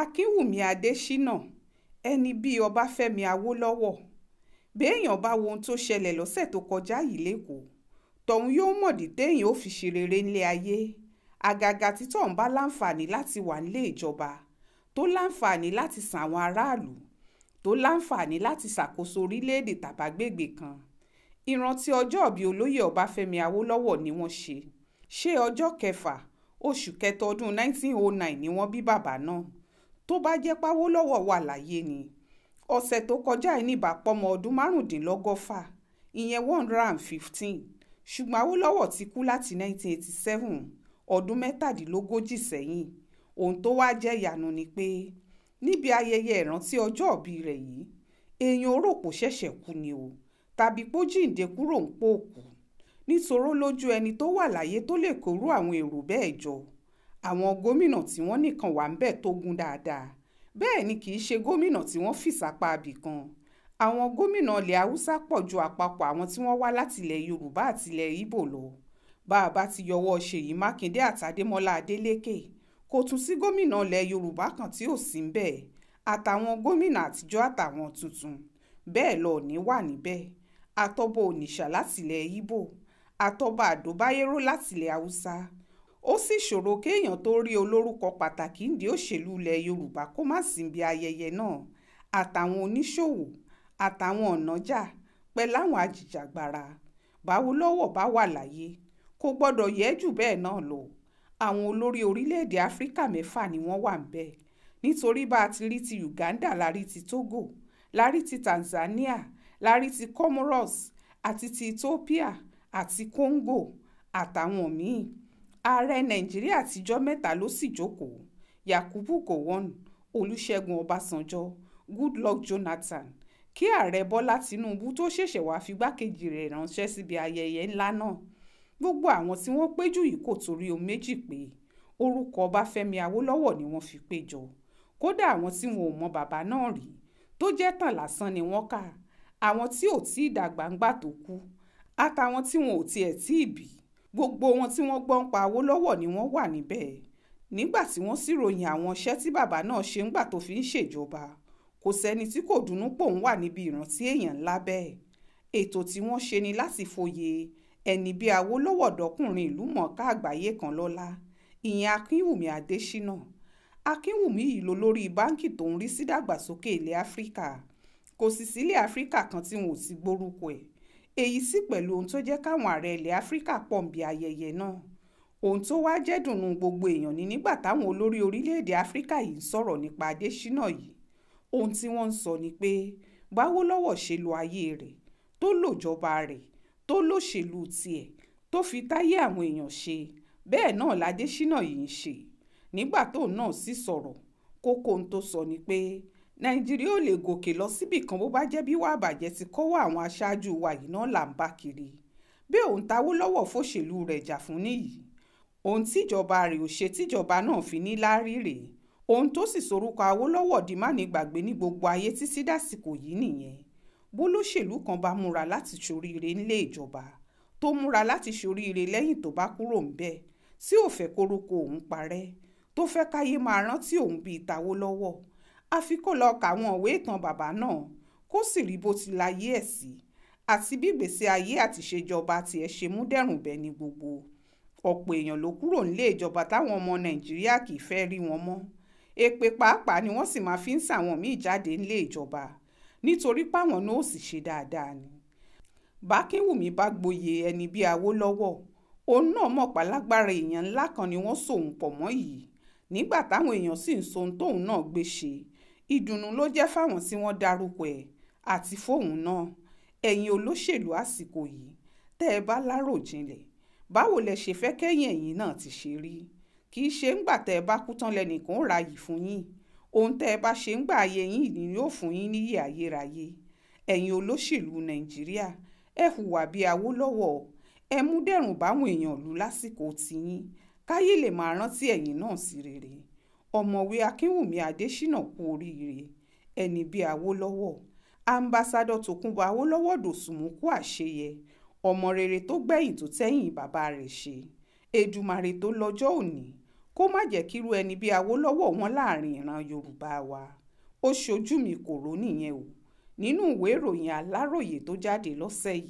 akínwùmí adésínà ẹni bíi ọbáfẹ́mi awólọ́wọ̀ béèyàn bá wo ohun tó ṣẹlẹ̀ lọ́sẹ̀ tó kọjá yìí lẹ́kọ̀ọ́ tọ̀hún yóò mọ̀dí téèyàn ó fi ṣe rere ńlé ayé àgàgà tí tọ̀hún bá láǹfààní láti wà nílé ìjọba tó láǹfààní láti sàn àwọn aráàlú tó láǹfààní láti ṣàkóso orílẹ̀-èdè tàbágbègbè kan ìrántí ọjọ́ọ̀bí olóyè ọbáfẹ́mi awólọ́wọ̀ ni wọ́n ṣe ṣe ọjọ́ kẹfà oṣù kẹta ọdún 1909 ni wọ́n bí bàbá náà tó bá jẹ́ pawólọ́wọ̀ wà láyé ni ọ̀sẹ̀ tó kọjá yìí nìbà pọ́mọ ọdún márùndínlọ́gọ́fà ìyẹn one hundred and fifteen ṣùgbọ́n awólọ́wọ̀ ti kú láti nineteen eighty seven ọdún mẹ́tàdínlógójì sẹ́yìn ohun tó wá jẹ́ ìyanu ni pé níbi ayẹyẹ ìrántí ọjọ́ òbí rẹ̀ yìí èèyàn rò kó ṣẹ̀ṣẹ̀ kú ni o tàbí kó jíǹde kúrò ń pòkù nítorí lójú ẹni tó wà láyé tó lè kórú àwọn èrò bẹ́ẹ̀ jọ àwọn gómìnà tí wọ́n nìkan wà ń bẹ̀ tó gún dáadáa bẹ́ẹ̀ ni kì í ṣe gómìnà tí wọ́n fìsàpá abì kan àwọn gómìnà ilẹ̀ haúsá pọ̀ ju àpapọ̀ àwọn tí wọ́n wá látilẹ̀ yorùbá àtilẹ̀ ibo lọ bá a bá ti yọwọ́ ṣèyí mákindé àtàdémọ́lá adélékè kò tún sí gómìnà ilẹ̀ yorùbá kan tí ò sí ń bẹ̀ àtàwọn gómìnà àtijọ́ àtàwọn tuntun bẹ́ẹ̀ lọ ní wà níbẹ̀ àtọ́bọ̀ ònìṣà látilẹ̀ ibo àtọ́bọ̀ àdóbáyéró látilẹ̀ haúsá ó sì ṣòro kéèyàn tó rí olórúkọ pàtàkì nídìí òṣèlú ilẹ̀ yorùbá kó má síbi ayẹyẹ náà àtàwọn oníṣòwò àtàwọn ọ̀nàjà pẹ̀lú àwọn ajìjàgbara báwo lọ́wọ́ bá wà láyé kò gbọ́dọ̀ yẹ jù bẹ́ẹ̀ náà lọ àwọn olórí orílẹ̀-èdè áfíríkà mẹ́fà ni wọ́n wà ń bẹ̀ nítorí bá a ti rí ti uganda lárí ti togo lárí ti tanzania lárí ti comoros àti ti ethiopia àti congo àtàwọn míì ààrẹ nàìjíríà àtijọ́ mẹ́ta ló sì jókòó yakubu gowon olùṣègùn ọbásanjọ́ goodluck jonathan kí ààrẹ bọ́lá tinubu tó ṣẹ̀ṣẹ̀ wáá figbákejì rẹ̀ ránṣẹ́ síbi ayẹyẹ ńlá náà gbogbo àwọn tí wọ́n péjú yìí kò torí ohun méjì pé orúkọ ọbáfẹ́mi awólọ́wọ̀ ni wọ́n fi péjọ kódà àwọn tí wọn ò mọ bàbá náà rí tó jẹ́ tàn lásán ni wọ́n kà àwọn tí ò tí ì dàgbà ńgbà tó kú àtàwọn tí wọn ò tiẹ̀ tí ì bí gbogbo wọn tí wọ́n gbọ́ ń pa Awólọ́wọ̀ ni wọ́n wà níbẹ̀ nígbà tí wọ́n sì ròyìn àwọn iṣẹ́ tí bàbá náà ṣe ńgbà tó fi ń ṣèjọba kò sẹ́ni tí kò dunnú pò ń wà níbi ìrántí èèyàn ńlá bẹ́ẹ̀ ètò tí wọ́n ṣe ni láti foyè ẹni bíi Awólọ́wọ̀ dọ́kùnrin ìlú mọ̀ọ́ká àgbáyé kan lọ́lá ìyẹn Akínwùmí Adésínà Akínwùmí yìí ló lórí báńkì tó ń rí sí dàgbàsókè ilẹ̀ Áfíríkà kò sì sílẹ̀ Áfíríkà kan tí wọn ò ti gbórúkọ ẹ̀ èyí sì pẹ̀lú ohun tó jẹ́ káwọn ààrẹ ilẹ̀ áfíríkà pọ̀ ń bi ayẹyẹ náà ohun tó wá jẹ́ dùnnú gbogbo èèyàn ni nígbà táwọn olórí orílẹ̀-èdè áfíríkà yìí ń sọ̀rọ̀ nípa adésínà yìí ohun tí wọ́n ń sọ ni pé báwólọ́wọ̀ ṣe lo ayé rẹ̀ tó lòjọba rẹ̀ tó lòṣèlú tiẹ̀ tó fi táyé àwọn èèyàn ṣe bẹ́ẹ̀ náà ládésínà yìí ń ṣe nígbà tóun náà sì sọ̀rọ̀ kókó ohun tó sọ ni pé nàìjíríà ò lè gòkè lọ síbì kan bó bá jẹ́ bí wàá bàjẹ́ ti kọ́wọ́ àwọn aṣáájú wa yìí náà là ń bá kiri bí òun táwó lọ́wọ́ fòṣèlú rẹ̀ jà fún nìyí ohun tíjọba rẹ̀ ò ṣe tíjọba náà fi ní láárí rèé ohun tó sì sorúkọ Awólọ́wọ̀ di má ní gbàgbé ní gbogbo ayé títí dàsìkò yìí nìyẹn bólóṣèlú kan bá múra láti ṣoríire nílé ìjọba tó múra láti ṣoríire lẹ́yìn tó bá kúrò ńbẹ̀ tí ò fẹ́ kórúkọ òun parẹ́ tó fẹ́ káyé máa rántí òun bíi tàwó lọ́wọ́ àfi kó lọ kàwọn òwe ìtàn bàbá náà kó sì rí bó ti láyé ẹ̀ sí àti bí ìgbésí ayé àtìṣèjọba tiẹ̀ ṣe mú dẹ̀rùn bẹ́ẹ̀ ni gbogbo ọ̀pọ̀ èèyàn ló kúrò nílé ìjọba táwọn ọmọ nàìjíríà kì í fẹ́ rí wọn mọ́ èpè pàápàá ni wọ́n sì máa fi ń sàwọn míì jáde nílé ìjọba nítorí páwọn náà ò sì ṣe dáadáa ni bákínwùmí bá gboyè ẹni bíi awólọ́wọ̀ òun náà mọ̀ pálágbára èèyàn ńlá kan ni wọ́n sòun pọ̀ mọ́ yìí nígbà táwọn èèyàn sì ń sohun tóun náà gbé ṣe ìdùnnú ló jẹ́ fáwọn tí wọ́n dárúkọ ẹ̀ àti fóun náà ẹ̀yin olóṣèlú àsìkò yìí tẹ́ ẹ bá láròjinlẹ̀ báwo lẹ ṣe fẹ́ kẹ́yìn ẹ̀yìn náà ti ṣe rí kì í ṣe ńgbà tẹ́ ẹ bá kú tán lẹ́nìkan ra yìí fún yín ohun tẹ́ ẹ bá ṣe ńgbà ayé yín ni yóò fún yín níyì ayérayé ẹ̀yin olóṣèlú nàìjíríà ẹ hùwà bíi Awólọ́wọ̀ ẹ mú dẹ̀rùn báwọn èèyàn lù lásìkò tiyín káyé lè máa rántí ẹ̀yìn náà sí rere ọ̀mọ̀wé akínwùmí adésínà kú oríire ẹni bíi awólọ́wọ̀ ambassadọ tòkunbọ̀ awólọ́wọ̀ dòsùnmù kú àṣeyẹ ọmọ rere tó gbẹ̀yìn tó tẹ̀yìn bàbá rẹ̀ ṣe èdùmàrè tó lọ́jọ́ òní kó má jẹ́ kírú ẹni bíi awólọ́wọ̀ wọn láàrin ìran yorùbá wa ó ṣojú mi kò rò nìyẹn o nínú ìwé ìròyìn aláròye tó jáde lọ́sẹ̀ yìí